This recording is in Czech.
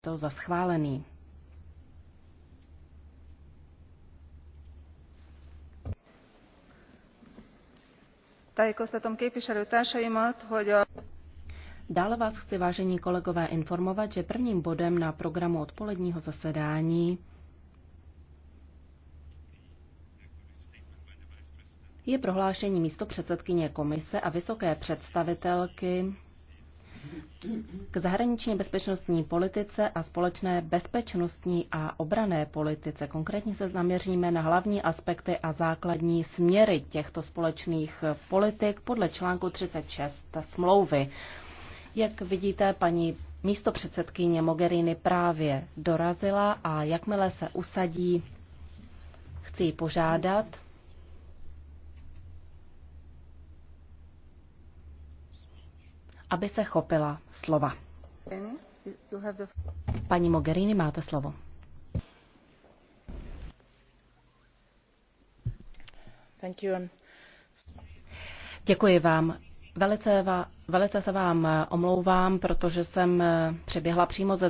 to za schválený. Tájékoztatom képviselőtársaimat, hogy a... Dále vás chci, vážení kolegové, informovat, že prvním bodem na programu odpoledního zasedání je prohlášení místopředsedkyně komise a vysoké představitelky k zahraniční bezpečnostní politice a společné bezpečnostní a obrané politice. Konkrétně se zaměříme na hlavní aspekty a základní směry těchto společných politik podle článku 36 smlouvy. Jak vidíte, paní místo předsedkyně Mogherini právě dorazila a jakmile se usadí, chci ji požádat, aby se chopila slova. Paní Mogherini, máte slovo. Thank you. Děkuji vám. Velice, velice se vám eh, omlouvám, protože jsem eh, přeběhla přímo ze